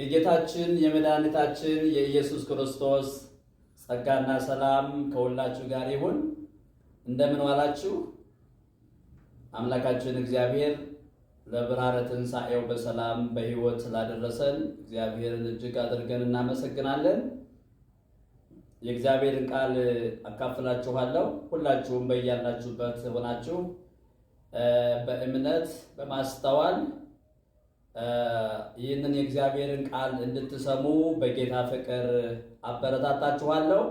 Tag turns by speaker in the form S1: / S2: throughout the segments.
S1: የጌታችን የመድኃኒታችን የኢየሱስ ክርስቶስ ጸጋና ሰላም ከሁላችሁ ጋር ይሁን። እንደምን ዋላችሁ? አምላካችን እግዚአብሔር ለብርሃነ ትንሣኤው በሰላም በሕይወት ስላደረሰን እግዚአብሔርን እጅግ አድርገን እናመሰግናለን። የእግዚአብሔርን ቃል አካፍላችኋለሁ። ሁላችሁም በያላችሁበት ሆናችሁ በእምነት በማስተዋል ይህንን የእግዚአብሔርን ቃል እንድትሰሙ በጌታ ፍቅር አበረታታችኋለሁ።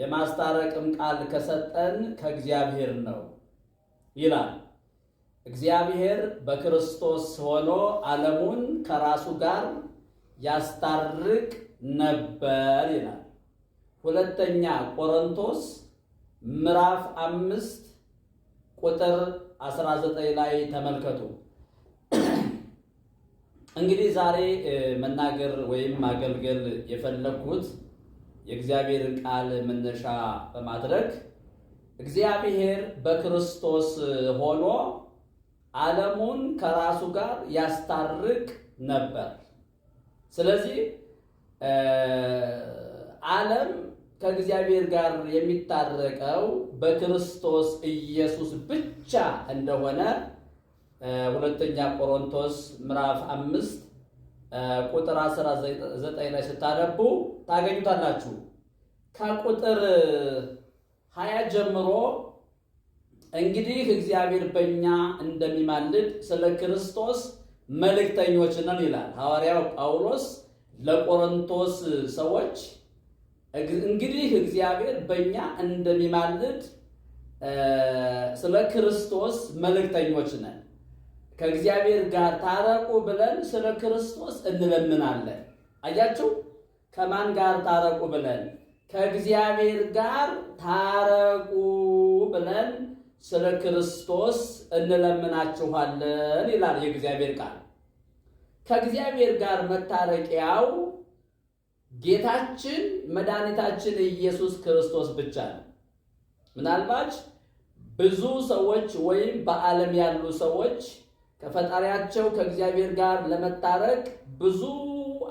S1: የማስታረቅም ቃል ከሰጠን ከእግዚአብሔር ነው ይላል። እግዚአብሔር በክርስቶስ ሆኖ ዓለሙን ከራሱ ጋር ያስታርቅ ነበር ይላል። ሁለተኛ ቆሮንቶስ ምዕራፍ አምስት ቁጥር 19 ላይ ተመልከቱ። እንግዲህ ዛሬ መናገር ወይም ማገልገል የፈለግኩት የእግዚአብሔርን ቃል መነሻ በማድረግ እግዚአብሔር በክርስቶስ ሆኖ ዓለሙን ከራሱ ጋር ያስታርቅ ነበር። ስለዚህ ዓለም ከእግዚአብሔር ጋር የሚታረቀው በክርስቶስ ኢየሱስ ብቻ እንደሆነ ሁለተኛ ቆሮንቶስ ምዕራፍ አምስት ቁጥር 19 ላይ ስታነቡ ታገኙታላችሁ። ከቁጥር ሀያ ጀምሮ እንግዲህ እግዚአብሔር በእኛ እንደሚማልድ ስለ ክርስቶስ መልእክተኞች ነን ይላል ሐዋርያው ጳውሎስ ለቆሮንቶስ ሰዎች። እንግዲህ እግዚአብሔር በእኛ እንደሚማልድ ስለ ክርስቶስ መልእክተኞች ነን ከእግዚአብሔር ጋር ታረቁ ብለን ስለ ክርስቶስ እንለምናለን። አያችሁ፣ ከማን ጋር ታረቁ ብለን? ከእግዚአብሔር ጋር ታረቁ ብለን ስለ ክርስቶስ እንለምናችኋለን ይላል የእግዚአብሔር ቃል። ከእግዚአብሔር ጋር መታረቂያው ጌታችን መድኃኒታችን ኢየሱስ ክርስቶስ ብቻ ነው። ምናልባት ብዙ ሰዎች ወይም በዓለም ያሉ ሰዎች ከፈጣሪያቸው ከእግዚአብሔር ጋር ለመታረቅ ብዙ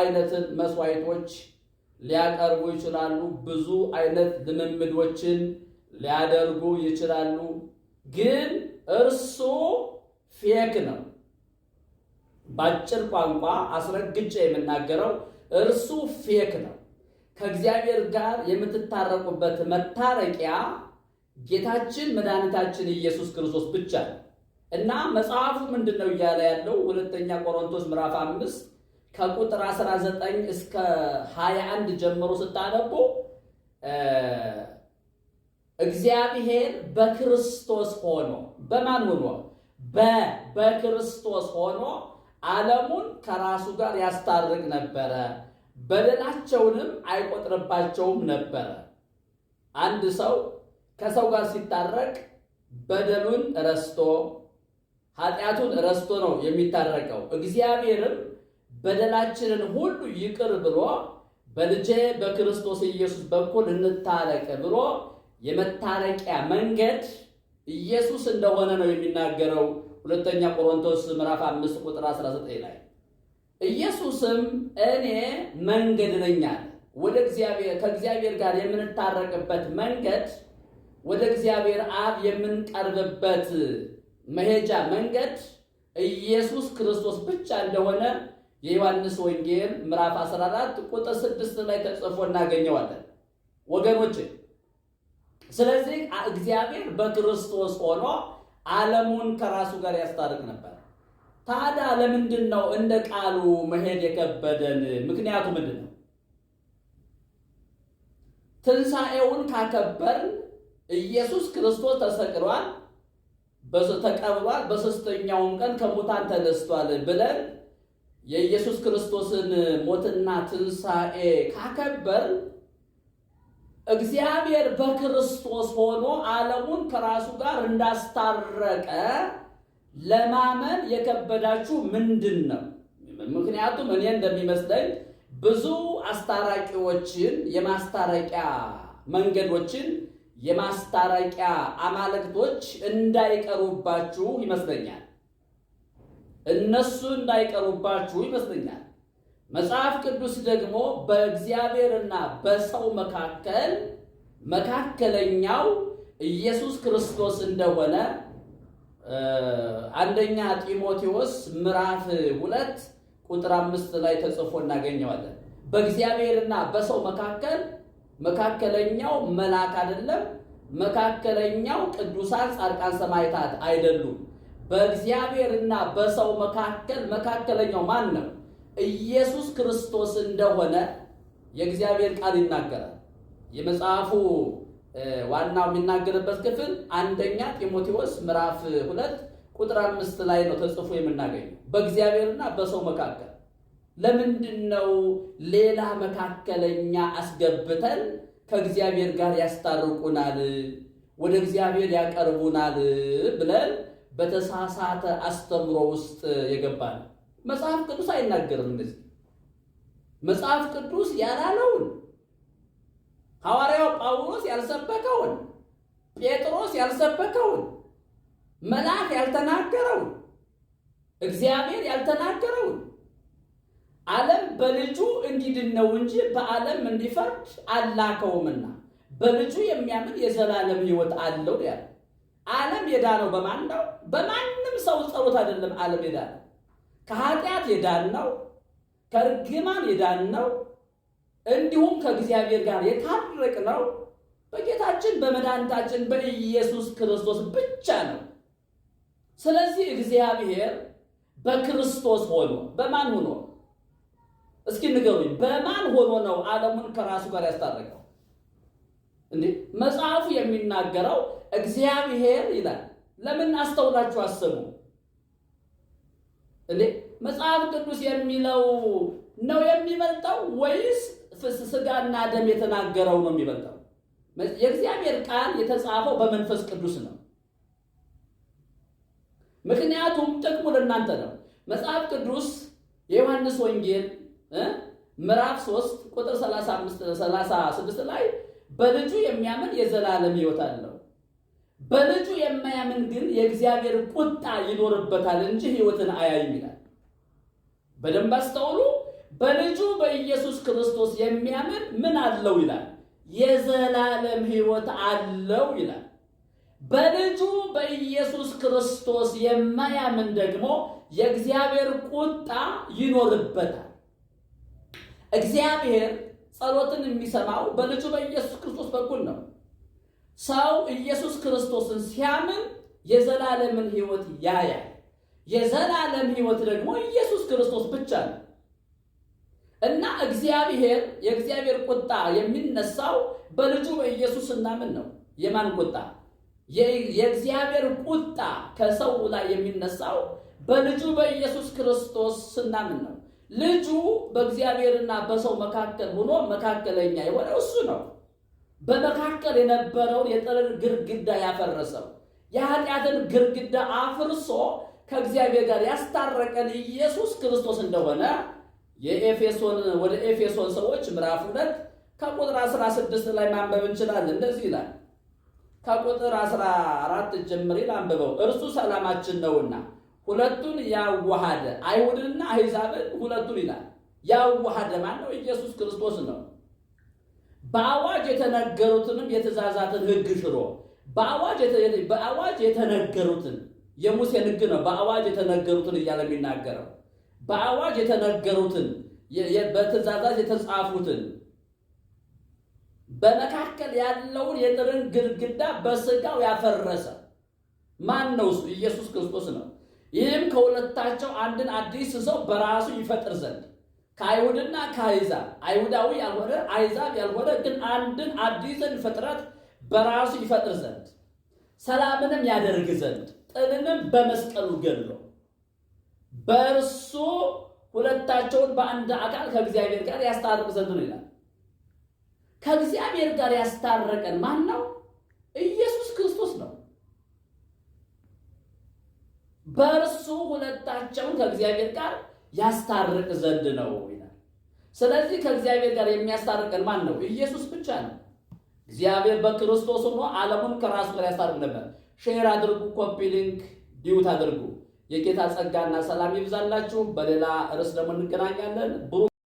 S1: አይነትን መስዋዕቶች ሊያቀርቡ ይችላሉ። ብዙ አይነት ልምምዶችን ሊያደርጉ ይችላሉ። ግን እርሱ ፌክ ነው። በአጭር ቋንቋ አስረግጬ የምናገረው እርሱ ፌክ ነው። ከእግዚአብሔር ጋር የምትታረቁበት መታረቂያ ጌታችን መድኃኒታችን ኢየሱስ ክርስቶስ ብቻ ነው። እና መጽሐፉ ምንድን ነው እያለ ያለው ሁለተኛ ቆሮንቶስ ምዕራፍ አምስት ከቁጥር 19 እስከ 21 ጀምሮ ስታነቡ እግዚአብሔር በክርስቶስ ሆኖ በማን ሆኖ በ በክርስቶስ ሆኖ ዓለሙን ከራሱ ጋር ያስታርቅ ነበረ፣ በደላቸውንም አይቆጥርባቸውም ነበረ። አንድ ሰው ከሰው ጋር ሲታረቅ በደሉን ረስቶ ኃጢአቱን ረስቶ ነው የሚታረቀው። እግዚአብሔርም በደላችንን ሁሉ ይቅር ብሎ በልጄ በክርስቶስ ኢየሱስ በኩል እንታረቅ ብሎ የመታረቂያ መንገድ ኢየሱስ እንደሆነ ነው የሚናገረው። ሁለተኛ ቆሮንቶስ ምዕራፍ 5 ቁጥር 19 ላይ ኢየሱስም እኔ መንገድ ነኛል ወደ እግዚአብሔር ከእግዚአብሔር ጋር የምንታረቅበት መንገድ ወደ እግዚአብሔር አብ የምንቀርብበት መሄጃ መንገድ ኢየሱስ ክርስቶስ ብቻ እንደሆነ የዮሐንስ ወንጌል ምዕራፍ 14 ቁጥር 6 ላይ ተጽፎ እናገኘዋለን። ወገኖች ስለዚህ እግዚአብሔር በክርስቶስ ሆኖ ዓለሙን ከራሱ ጋር ያስታርቅ ነበር። ታዲያ ለምንድን ነው እንደ ቃሉ መሄድ የከበደን? ምክንያቱ ምንድን ነው? ትንሣኤውን ካከበርን ኢየሱስ ክርስቶስ ተሰቅሏል። ተቀብሯል፣ በሶስተኛውም ቀን ከሙታን ተነስቷል ብለን የኢየሱስ ክርስቶስን ሞትና ትንሣኤ ካከበር እግዚአብሔር በክርስቶስ ሆኖ ዓለሙን ከራሱ ጋር እንዳስታረቀ ለማመን የከበዳችሁ ምንድን ነው? ምክንያቱም እኔ እንደሚመስለኝ ብዙ አስታራቂዎችን የማስታረቂያ መንገዶችን የማስታረቂያ አማልክቶች እንዳይቀሩባችሁ ይመስለኛል። እነሱ እንዳይቀሩባችሁ ይመስለኛል። መጽሐፍ ቅዱስ ደግሞ በእግዚአብሔርና በሰው መካከል መካከለኛው ኢየሱስ ክርስቶስ እንደሆነ አንደኛ ጢሞቴዎስ ምዕራፍ ሁለት ቁጥር አምስት ላይ ተጽፎ እናገኘዋለን። በእግዚአብሔርና በሰው መካከል መካከለኛው መልአክ አይደለም። መካከለኛው ቅዱሳን ጻድቃን ሰማዕታት አይደሉም። በእግዚአብሔርና በሰው መካከል መካከለኛው ማን ነው? ኢየሱስ ክርስቶስ እንደሆነ የእግዚአብሔር ቃል ይናገራል። የመጽሐፉ ዋናው የሚናገርበት ክፍል አንደኛ ጢሞቴዎስ ምዕራፍ ሁለት ቁጥር አምስት ላይ ነው ተጽፎ የምናገኘው በእግዚአብሔርና በሰው መካከል ለምንድን ነው ሌላ መካከለኛ አስገብተን ከእግዚአብሔር ጋር ያስታርቁናል፣ ወደ እግዚአብሔር ያቀርቡናል ብለን በተሳሳተ አስተምሮ ውስጥ የገባን? መጽሐፍ ቅዱስ አይናገርም እንደዚህ። መጽሐፍ ቅዱስ ያላለውን ሐዋርያው ጳውሎስ ያልሰበከውን ጴጥሮስ ያልሰበከውን መልአክ ያልተናገረውን እግዚአብሔር ያልተናገረውን ዓለም በልጁ እንዲድን ነው እንጂ በዓለም እንዲፈርድ አላከውምና በልጁ የሚያምን የዘላለም ሕይወት አለው ያለ። ዓለም የዳነው በማን ነው? በማንም ሰው ጸሎት አይደለም። ዓለም የዳነው ከኃጢአት የዳነው የዳን የዳነው እንዲሁም ከእግዚአብሔር ጋር የታረቅ ነው በጌታችን በመድኃኒታችን በኢየሱስ ክርስቶስ ብቻ ነው። ስለዚህ እግዚአብሔር በክርስቶስ ሆኖ በማን ሆኖ እስኪ ንገሩኝ፣ በማን ሆኖ ነው ዓለሙን ከራሱ ጋር ያስታረቀው? እንዴ መጽሐፉ የሚናገረው እግዚአብሔር ይላል። ለምን አስተውላችሁ አስቡ። እንዴ መጽሐፍ ቅዱስ የሚለው ነው የሚበልጠው ወይስ ስጋና ደም የተናገረው ነው የሚበልጠው? የእግዚአብሔር ቃል የተጻፈው በመንፈስ ቅዱስ ነው። ምክንያቱም ጥቅሙ ለእናንተ ነው። መጽሐፍ ቅዱስ የዮሐንስ ወንጌል ምዕራፍ 3 ቁጥር 35 36 ላይ በልጁ የሚያምን የዘላለም ሕይወት አለው በልጁ የማያምን ግን የእግዚአብሔር ቁጣ ይኖርበታል እንጂ ሕይወትን አያይም ይላል። በደንብ አስተውሉ። በልጁ በኢየሱስ ክርስቶስ የሚያምን ምን አለው ይላል? የዘላለም ሕይወት አለው ይላል። በልጁ በኢየሱስ ክርስቶስ የማያምን ደግሞ የእግዚአብሔር ቁጣ ይኖርበታል እግዚአብሔር ጸሎትን የሚሰማው በልጁ በኢየሱስ ክርስቶስ በኩል ነው። ሰው ኢየሱስ ክርስቶስን ሲያምን የዘላለምን ሕይወት ያያል። የዘላለም ሕይወት ደግሞ ኢየሱስ ክርስቶስ ብቻ ነው እና እግዚአብሔር የእግዚአብሔር ቁጣ የሚነሳው በልጁ በኢየሱስ ስናምን ነው። የማን ቁጣ? የእግዚአብሔር ቁጣ ከሰው ላይ የሚነሳው በልጁ በኢየሱስ ክርስቶስ ስናምን ነው። ልጁ በእግዚአብሔርና በሰው መካከል ሆኖ መካከለኛ የሆነው እሱ ነው። በመካከል የነበረውን የጥልን ግድግዳ ያፈረሰው የኃጢአትን ግድግዳ አፍርሶ ከእግዚአብሔር ጋር ያስታረቀን ኢየሱስ ክርስቶስ እንደሆነ የኤፌሶን ወደ ኤፌሶን ሰዎች ምዕራፍ ሁለት ከቁጥር 16 ላይ ማንበብ እንችላለን። እንደዚህ ይላል። ከቁጥር 14 ጀምሮ አንብበው። እርሱ ሰላማችን ነውና ሁለቱን ያዋሃደ አይሁድንና አሕዛብን ሁለቱን ይላል። ያዋሃደ ማን ነው? ኢየሱስ ክርስቶስ ነው። በአዋጅ የተነገሩትንም የትእዛዛትን ሕግ ሽሮ በአዋጅ በአዋጅ የተነገሩትን የሙሴ ሕግ ነው። በአዋጅ የተነገሩትን እያለ የሚናገረው በአዋጅ የተነገሩትን በትእዛዛት የተጻፉትን በመካከል ያለውን የጥርን ግድግዳ በስጋው ያፈረሰ ማን ነው? እሱ ኢየሱስ ክርስቶስ ነው። ይህም ከሁለታቸው አንድን አዲስ ሰው በራሱ ይፈጥር ዘንድ ከአይሁድና ከአሕዛብ አይሁዳዊ ያልሆነ አይዛብ ያልሆነ ግን አንድን አዲስን ፍጥረት በራሱ ይፈጥር ዘንድ ሰላምንም ያደርግ ዘንድ ጥልንም በመስቀሉ ገሎ በእርሱ ሁለታቸውን በአንድ አካል ከእግዚአብሔር ጋር ያስታርቅ ዘንድ ነው ይላል። ከእግዚአብሔር ጋር ያስታረቀን ማን ነው? ኢየሱስ በእርሱ ሁለታቸውን ከእግዚአብሔር ጋር ያስታርቅ ዘንድ ነው ይላል። ስለዚህ ከእግዚአብሔር ጋር የሚያስታርቅን ማን ነው? ኢየሱስ ብቻ ነው። እግዚአብሔር በክርስቶስ ሆኖ ዓለሙን ከራሱ ጋር ያስታርቅ ነበር። ሼር አድርጉ፣ ኮፒ ሊንክ ዲዩት አድርጉ። የጌታ ጸጋና ሰላም ይብዛላችሁ። በሌላ ርዕስ ደግሞ እንገናኛለን።